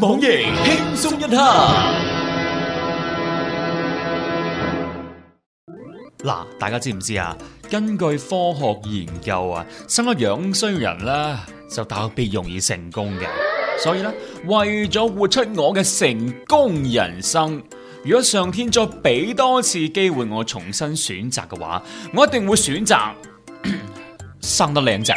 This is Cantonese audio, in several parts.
網易輕鬆一刻。嗱，大家知唔知啊？根據科學研究啊，生個樣衰人啦，就特別容易成功嘅。所以咧，為咗活出我嘅成功人生，如果上天再俾多次機會我重新選擇嘅話，我一定會選擇 生得靚仔。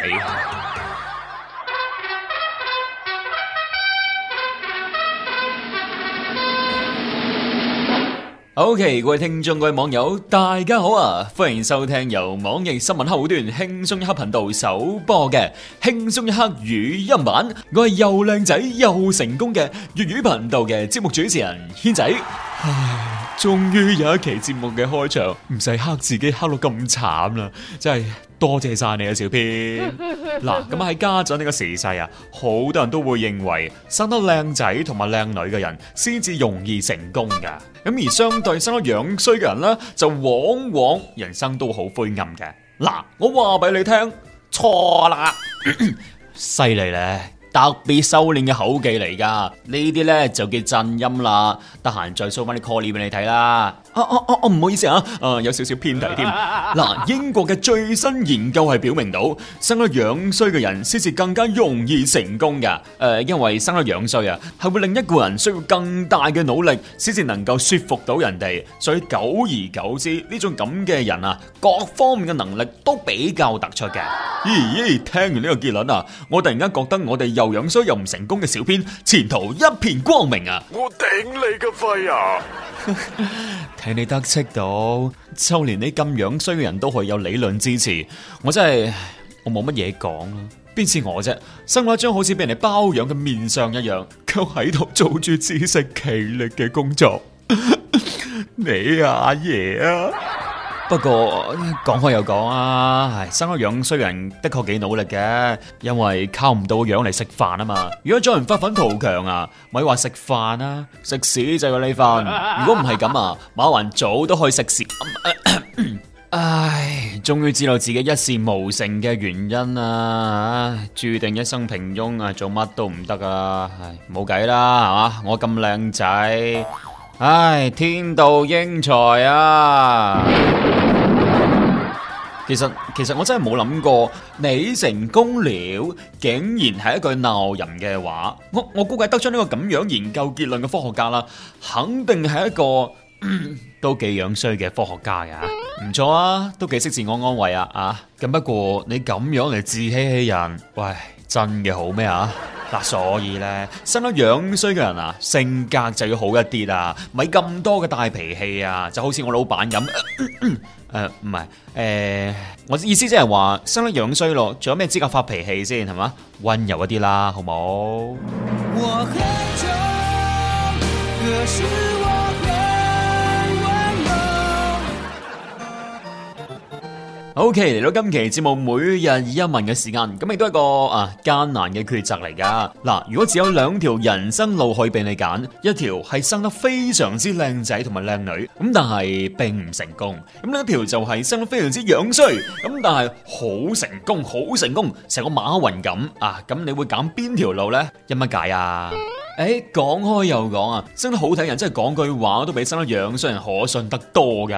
Ok，各位聽眾、各位網友，大家好啊！歡迎收聽由網易新聞客戶端輕鬆一刻頻道首播嘅輕鬆一刻語音版。我係又靚仔又成功嘅粵語頻道嘅節目主持人軒仔。唉，終於有一期節目嘅開場，唔使黑自己黑到咁慘啦，真係。多謝晒你編 啊，小編。嗱，咁喺家長呢個時勢啊，好多人都會認為生得靚仔同埋靚女嘅人先至容易成功噶。咁而相對生得樣衰嘅人咧，就往往人生都好灰暗嘅。嗱、啊，我話俾你聽，錯啦，犀利咧，特 別 修煉嘅口技嚟噶。呢啲咧就叫震音啦。得閒再 show 翻啲 co 連俾你睇啦。啊啊啊啊！唔好意思啊，誒，有少少偏題添。嗱，英國嘅最新研究係表明到，生咗樣衰嘅人，先至更加容易成功㗎。誒，因為生咗樣衰啊，係會令一個人需要更大嘅努力，先至能夠說服到人哋。所以久而久之，呢種咁嘅人啊，各方面嘅能力都比較突出嘅。咦咦，聽完呢個結論啊，我突然間覺得我哋又樣衰又唔成功嘅小編，前途一片光明啊！我頂你個肺啊！你得戚到，就連你咁樣衰嘅人都可以有理論支持，我真係我冇乜嘢講啦。邊似我啫，生咗一張好似俾人哋包養嘅面相一樣，佢喺度做住自食其力嘅工作。 你啊，阿爺啊！爺啊不過講開又講啊，生個樣衰人的確幾努力嘅，因為靠唔到個樣嚟食飯啊嘛。如果再唔發奮圖強啊，咪話食飯啊，食屎就係佢呢份。如果唔係咁啊，馬雲早都可以食屎。 唉，終於知道自己一事無成嘅原因啊。注定一生平庸啊，做乜都唔得啊，係冇計啦，係嘛？我咁靚仔，唉，天妒英才啊！其實其實我真係冇諗過，你成功了，竟然係一句鬧人嘅話。我我估計得出呢個咁樣研究結論嘅科學家啦，肯定係一個都幾樣衰嘅科學家嘅。唔錯啊，都幾識自我安慰啊啊！咁不過你咁樣嚟自欺欺人，喂，真嘅好咩啊？嗱，所以咧，生得樣衰嘅人啊，性格就要好一啲啦，咪咁多嘅大脾氣啊，就好似我老闆咁。誒，唔係、呃，誒、呃，我意思即係話生得樣衰咯，仲有咩資格發脾氣先係嘛？溫柔一啲啦，好冇？我很 Ok，嚟到今期節目每日一問嘅時間，咁亦都係一個啊艱難嘅抉擇嚟噶。嗱，如果只有兩條人生路可以俾你揀，一條係生得非常之靚仔同埋靚女，咁但係並唔成功；咁另一條就係生得非常之樣衰，咁但係好成功，好成功，成個馬雲咁啊！咁你會揀邊條路呢？因乜解啊？誒，講開又講啊，生得好睇人真係講句話都比生得樣衰人可信得多噶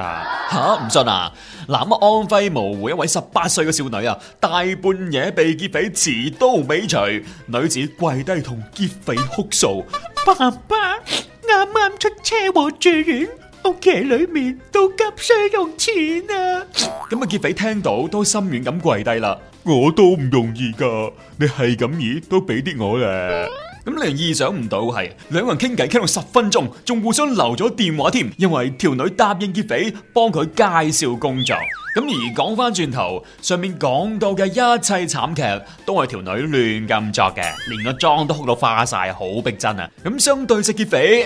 吓，唔信啊？嗱，咁啊，安徽蕪湖一位十八歲嘅少女啊，大半夜被劫匪持刀尾隨，女子跪低同劫匪哭訴：爸爸，啱啱出車禍住院，屋企裏面都急需用錢啊！咁啊，劫匪聽到都心軟咁跪低啦，我都唔容易噶，你係咁意都俾啲我咧。咁你又意想唔到係兩個人傾偈傾到十分鐘，仲互相留咗電話添，因為條女答應劫匪幫佢介紹工作。咁而講翻轉頭，上面講到嘅一切慘劇都係條女亂咁作嘅，連個妝都哭到花晒，好逼真啊！咁相對隻劫匪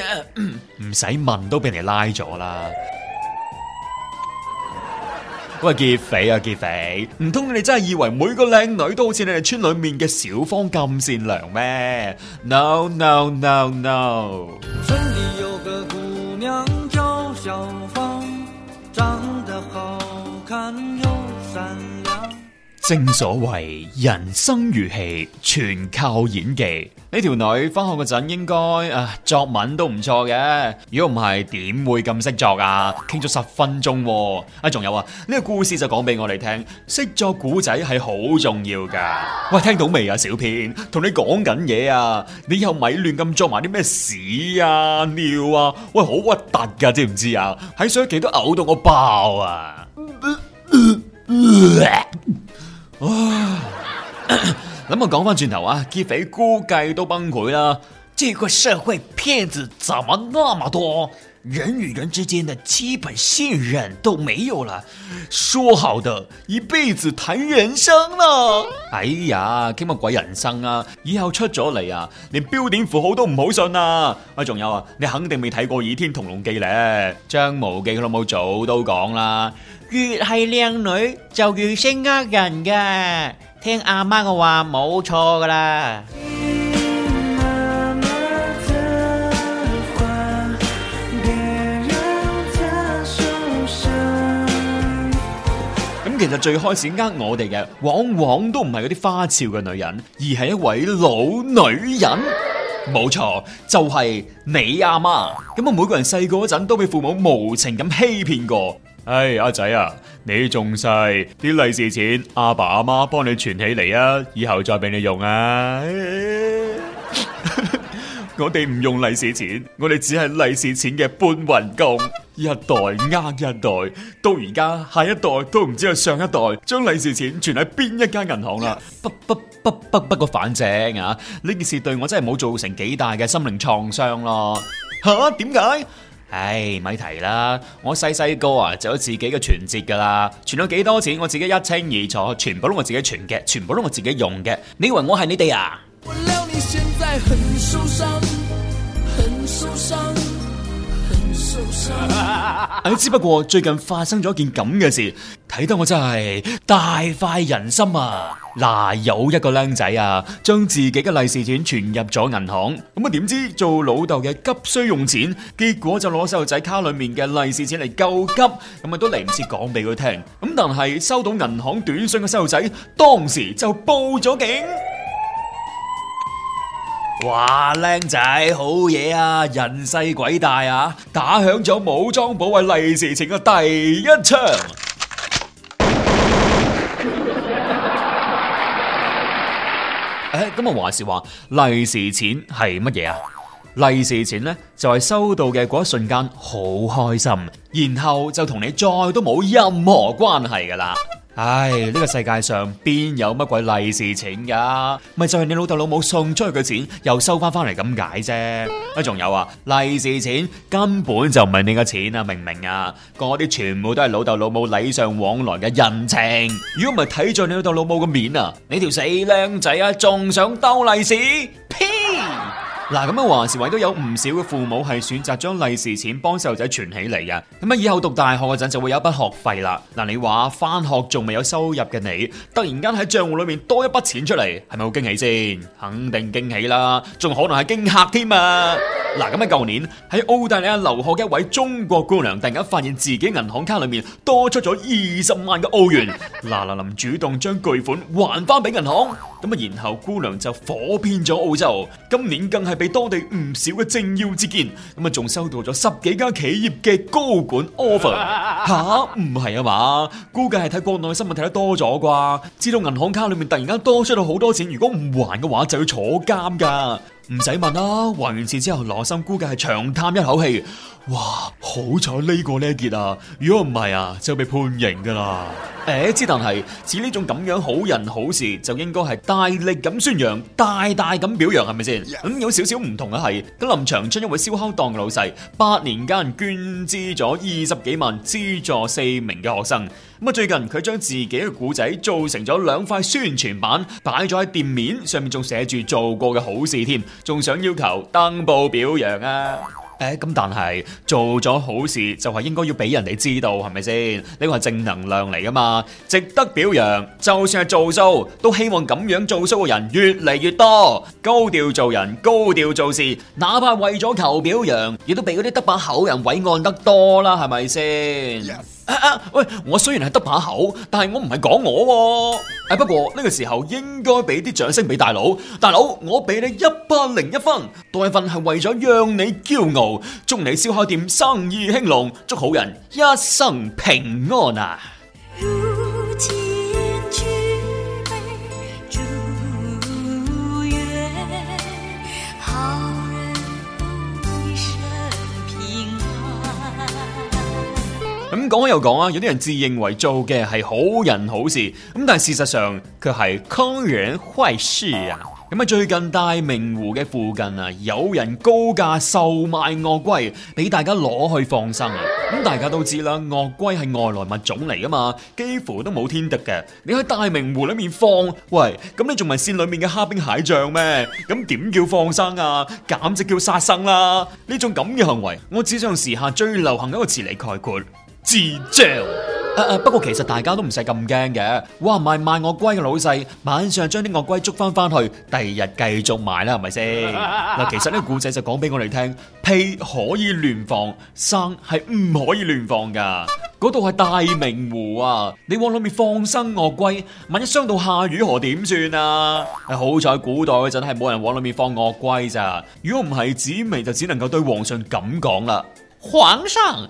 唔使問都俾人拉咗啦。喂，劫匪啊劫匪！唔通你真係以為每個靚女都好似你哋村裏面嘅小芳咁善良咩？No no no no。村裏有個姑娘叫小芳，長得好看又善良。正所謂人生如戲，全靠演技。呢條女返學嗰陣應該啊，作文都唔錯嘅。如果唔係，點會咁識作啊？傾咗十分鐘，啊，仲有啊，呢個故事就講俾我哋聽，識作古仔係好重要噶。喂，聽到未啊？小片，同你講緊嘢啊，你以後咪亂咁作埋啲咩屎啊尿啊？喂，好核突噶，知唔知啊？喺上期都嘔到我爆啊！呃呃呃呃呃咁咪講翻轉頭啊，劫匪估計都崩潰啦！呢個社會騙子怎麼那麼多？人與人之間的基本信任都沒有了。說好的一輩子談人生呢？哎呀，傾乜鬼人生啊！以後出咗嚟啊，連標點符號都唔好信啊！啊，仲有啊，你肯定未睇過《倚天屠龍記》咧？張無忌佢老母早都講啦。越係靚女就越識呃人噶，聽阿媽嘅話冇錯噶啦。咁其實最開始呃我哋嘅，往往都唔係嗰啲花俏嘅女人，而係一位老女人。冇錯，就係你阿媽。咁啊，每個人細個嗰陣都俾父母無情咁欺騙過。唉，阿仔啊，你仲細，啲利是錢阿爸阿媽幫你存起嚟啊，以後再俾你用啊。哎、 我哋唔用利是錢，我哋只係利是錢嘅搬運工，一代呃一代，到而家下一代都唔知係上一代將利是錢存喺邊一間銀行啦。不不不不不過反正啊，呢件事對我真係冇造成幾大嘅心靈創傷咯。吓，點解？唉，咪提啦！我細細個啊，就有自己嘅存折噶啦，存咗幾多錢，我自己一清二楚，全部都我自己存嘅，全部都我自己用嘅。你以為我係你哋啊？我料，你現在很受傷，很受傷。誒、啊，只不過最近發生咗件咁嘅事，睇得我真係大快人心啊！嗱、啊，有一個僆仔啊，將自己嘅利是錢存入咗銀行，咁啊點知做老豆嘅急需用錢，結果就攞細路仔卡裏面嘅利是錢嚟救急，咁啊都嚟唔切講俾佢聽，咁、啊、但係收到銀行短信嘅細路仔，當時就報咗警。哇，靚仔，好嘢啊！人細鬼大啊，打響咗武裝保衛利是錢嘅第一槍。誒、 欸，咁、嗯、啊，話時話，利是錢係乜嘢啊？利是錢呢、利是錢咧就係收到嘅嗰一瞬間好開心，然後就同你再都冇任何關係噶啦。唉，呢個世界上邊有乜鬼利是錢噶？咪就係你老豆老母送出去嘅錢，又收翻翻嚟咁解啫。啊，仲有啊，利是錢根本就唔係你嘅錢啊，明唔明啊？嗰啲全部都係老豆老母禮尚往來嘅人情，如果唔係睇住你老豆老母嘅面啊，你條死靚仔啊，仲想兜利是？屁！嗱，咁啊，話時話都有唔少嘅父母係選擇將利是錢幫細路仔存起嚟嘅，咁啊以後讀大學嗰陣就會有一筆學費啦。嗱，你話翻學仲未有收入嘅你，突然間喺賬戶裏面多一筆錢出嚟，係咪好驚喜先？肯定驚喜啦，仲可能係驚嚇添啊！嗱， 咁啊，舊年喺澳大利亞留學嘅一位中國姑娘，突然間發現自己銀行卡裏面多出咗二十萬嘅澳元，嗱嗱臨主動將巨款還翻俾銀行。咁啊，然後姑娘就火遍咗澳洲，今年更係被當地唔少嘅政要接見，咁啊，仲收到咗十幾家企業嘅高管 offer。吓、啊，唔係啊嘛，估計係睇國內新聞睇得多咗啩，知道銀行卡裏面突然間多出咗好多錢，如果唔還嘅話，就要坐監噶。唔使問啦，還完錢之後，羅生估計係長嘆一口氣，哇，好彩呢個呢一劫啊！如果唔係啊，就被判刑噶啦。誒，之但係似呢種咁樣好人好事就應該係大力咁宣揚，大大咁表揚係咪先？咁 Yes.、嗯、有少少唔同嘅係，咁林祥春一位燒烤檔嘅老細，八年間捐資咗二十幾萬，資助四名嘅學生。咁最近佢將自己嘅故仔做成咗兩塊宣傳板，擺咗喺店面，上面仲寫住做過嘅好事添，仲想要求登報表揚啊！誒、咁、欸、但係做咗好事就係、是、應該要俾人哋知道，係咪先？呢個係正能量嚟噶嘛，值得表揚。就算係做 show，都希望咁樣做 show 嘅人越嚟越多，高調做人，高調做事，哪怕為咗求表揚，亦都比嗰啲得把口人偉岸得多啦，係咪先？Yes. 啊、喂，我雖然係得把口，但係我唔係講我喎、啊。誒、哎，不過呢個時候應該俾啲掌聲俾大佬，大佬我俾你一百零一分，多一分係為咗讓你驕傲，祝你燒烤店生意興隆，祝好人一生平安啊！咁講開又講啊，有啲人自認為做嘅係好人好事，咁但係事實上佢係坑人壞事啊！咁啊，最近大明湖嘅附近啊，有人高價售賣鱷龜，俾大家攞去放生啊！咁大家都知啦，鱷龜係外來物種嚟㗎嘛，幾乎都冇天敵嘅。你喺大明湖裏面放，喂，咁你仲問線裏面嘅蝦兵蟹將咩？咁點叫放生啊？簡直叫殺生啦、啊！呢種咁嘅行為，我只想用時下最流行一個詞嚟概括。智障。誒誒，不過、uh, uh, 其實大家都唔使咁驚嘅。哇，賣賣鱷龜嘅老細，晚上將啲鱷龜捉翻翻去，第二日繼續賣啦，係咪先？嗱， 其實呢個故仔就講俾我哋聽，屁可以亂放，生係唔可以亂放噶。嗰度係大明湖啊，你往裏面放生鱷龜，萬一傷到夏雨荷點算啊？好彩古代嗰陣係冇人往裏面放鱷龜咋。如果唔係，紫薇就只能夠對皇上咁講啦。皇上。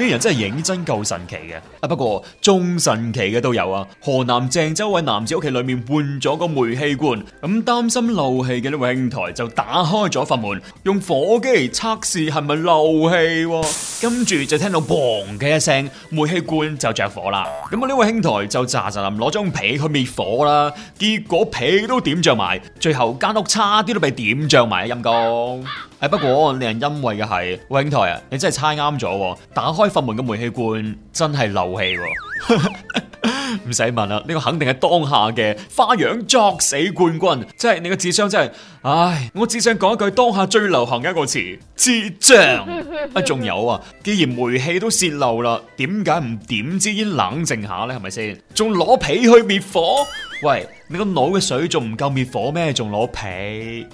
啲人真係認真夠神奇嘅，啊不過仲神奇嘅都有啊！河南鄭州位男子屋企裏面換咗個煤氣罐，咁、嗯、擔心漏氣嘅呢位兄台就打開咗閥門，用火機測試係咪漏氣，跟住就聽到「嘣」嘅一聲，煤氣罐就着火啦！咁啊呢位兄台就咋咋臨攞張被去滅火啦，結果被都點着埋，最後間屋差啲都被點着埋啊陰公！哎，不過令人欣慰嘅係，永台啊，你真係猜啱咗，打開閥門嘅煤氣罐真係漏氣，唔 使問啦，呢、這個肯定係當下嘅花樣作死冠軍，即係你嘅智商真係，唉，我只想講一句當下最流行嘅一個詞，智障。啊、 哎，仲有啊，既然煤氣都泄漏啦，點解唔點支煙冷靜下咧？係咪先？仲攞被去滅火？喂，你個腦嘅水仲唔夠滅火咩？仲攞被？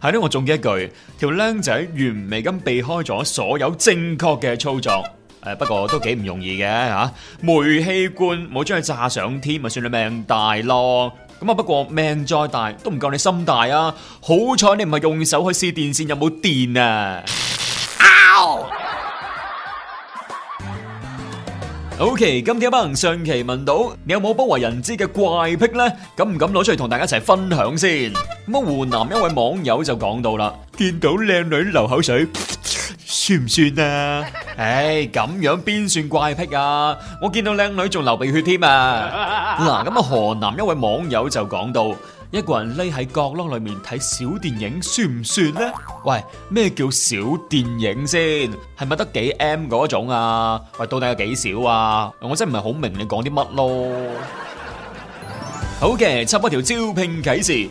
係咯， 我總結一句，條靚仔完美咁避開咗所有正確嘅操作。誒、 啊，不過都幾唔容易嘅吓、啊，煤氣罐冇將佢炸上天咪算你命大咯。咁啊，不過命再大都唔夠你心大啊。好彩你唔係用手去試電線有冇電啊。啊。O K，今天不能上期問到你有冇不為人知嘅怪癖咧？敢唔敢攞出嚟同大家一齊分享先。咁啊，湖南一位網友就講到啦， 見到靚女流口水，算唔算啊？唉、哎，咁樣邊算怪癖啊？我見到靚女仲流鼻血添啊！嗱，咁啊，河南一位網友就講到。一個人匿喺角落裏面睇小電影算唔算咧？喂，咩叫小電影先？係咪得幾 M 嗰種啊？喂，到底有幾少啊？我真係唔係好明你講啲乜咯。 好嘅，插一條招聘啟事。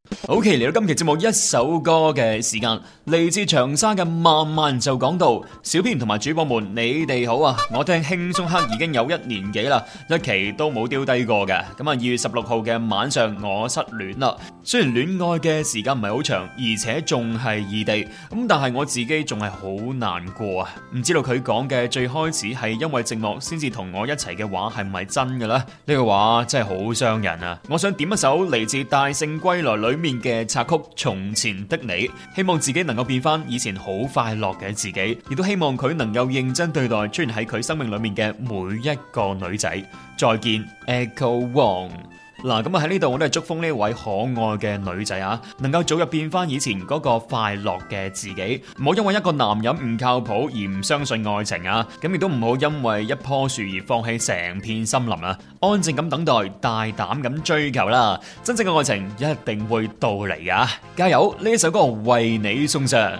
OK，嚟到今期節目一首歌嘅時間，嚟自長沙嘅慢慢就講到，小編同埋主播們，你哋好啊！我聽輕鬆黑已經有一年幾啦，一期都冇丟低過嘅。咁啊，二月十六號嘅晚上我失戀啦。雖然戀愛嘅時間唔係好長，而且仲係異地，咁但係我自己仲係好難過啊！唔知道佢講嘅最開始係因為寂寞先至同我一齊嘅話係唔係真嘅咧？呢句話真係好傷人啊！我想點一首嚟自大聖歸來裏面嘅插曲《從前的你》，希望自己能夠變翻以前好快樂嘅自己，亦都希望佢能夠認真對待出現喺佢生命裏面嘅每一個女仔。再見，Echo Wong。嗱，咁啊喺呢度我都係祝福呢位可愛嘅女仔啊，能夠早日變翻以前嗰個快樂嘅自己，唔好因為一個男人唔靠譜而唔相信愛情啊，咁亦都唔好因為一棵樹而放棄成片森林啊，安靜咁等待，大膽咁追求啦，真正嘅愛情一定會到嚟噶，啊，加油！呢一首歌為你送上。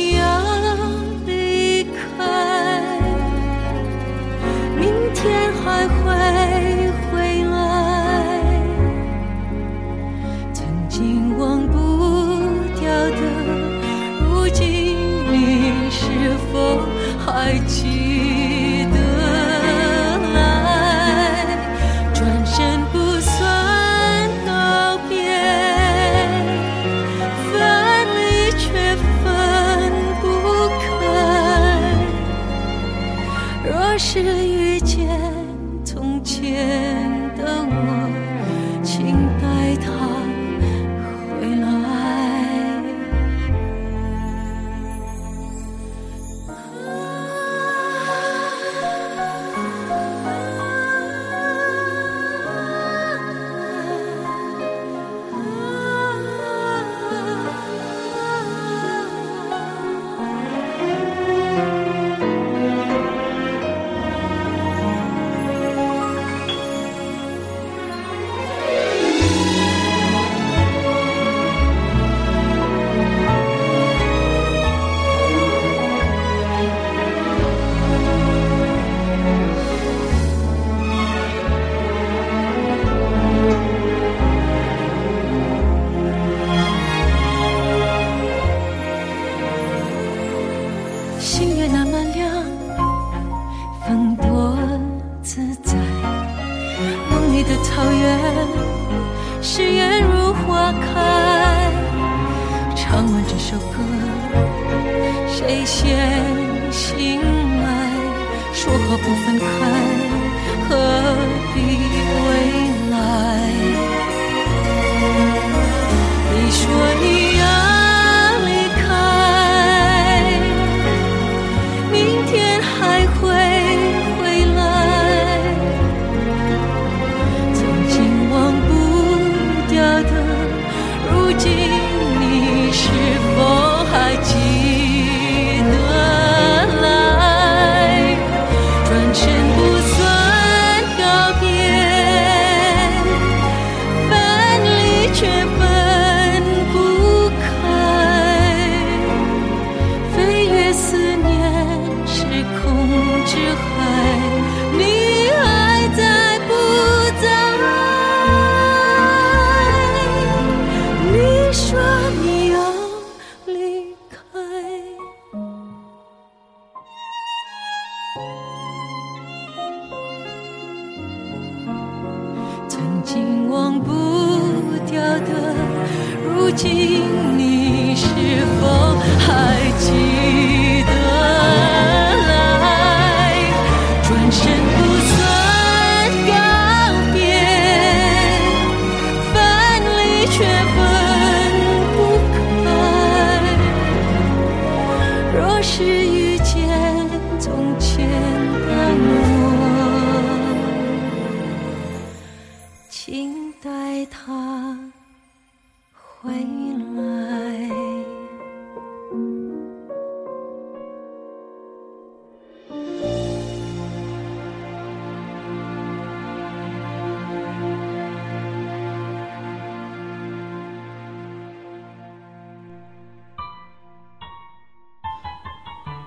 誰先醒來？說好不分開。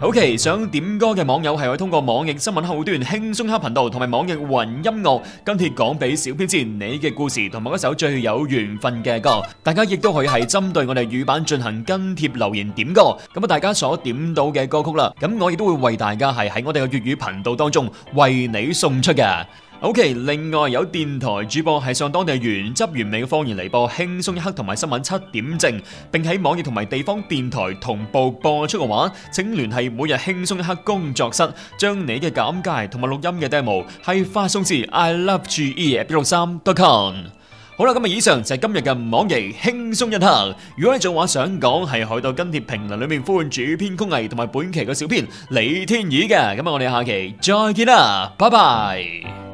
好嘅，okay, 想點歌嘅網友係可以通過網易新聞客戶端、輕鬆黑頻道同埋網易雲音樂跟帖講俾小編知你嘅故事同埋一首最有緣分嘅歌。大家亦都可以係針對我哋粵語版進行跟帖留言點歌。咁啊，大家所點到嘅歌曲啦，咁我亦都會為大家係喺我哋嘅粵語頻道當中為你送出嘅。O.K. 另外有電台主播係上當地原汁原味嘅方言嚟播《輕鬆一刻》同埋新聞七點正，並喺網頁同埋地方電台同步播出嘅話，請聯繫每日《輕鬆一刻》工作室將你嘅簡介同埋錄音嘅 demo 係發送至 i love g e b 六三 .com。好啦，咁啊以上就係今日嘅網易《輕鬆一刻》。如果你仲話想講，係去到跟帖評論裏面歡迎主編曲藝同埋本期嘅小編李天宇嘅。咁啊，我哋下期再見啦，拜拜。.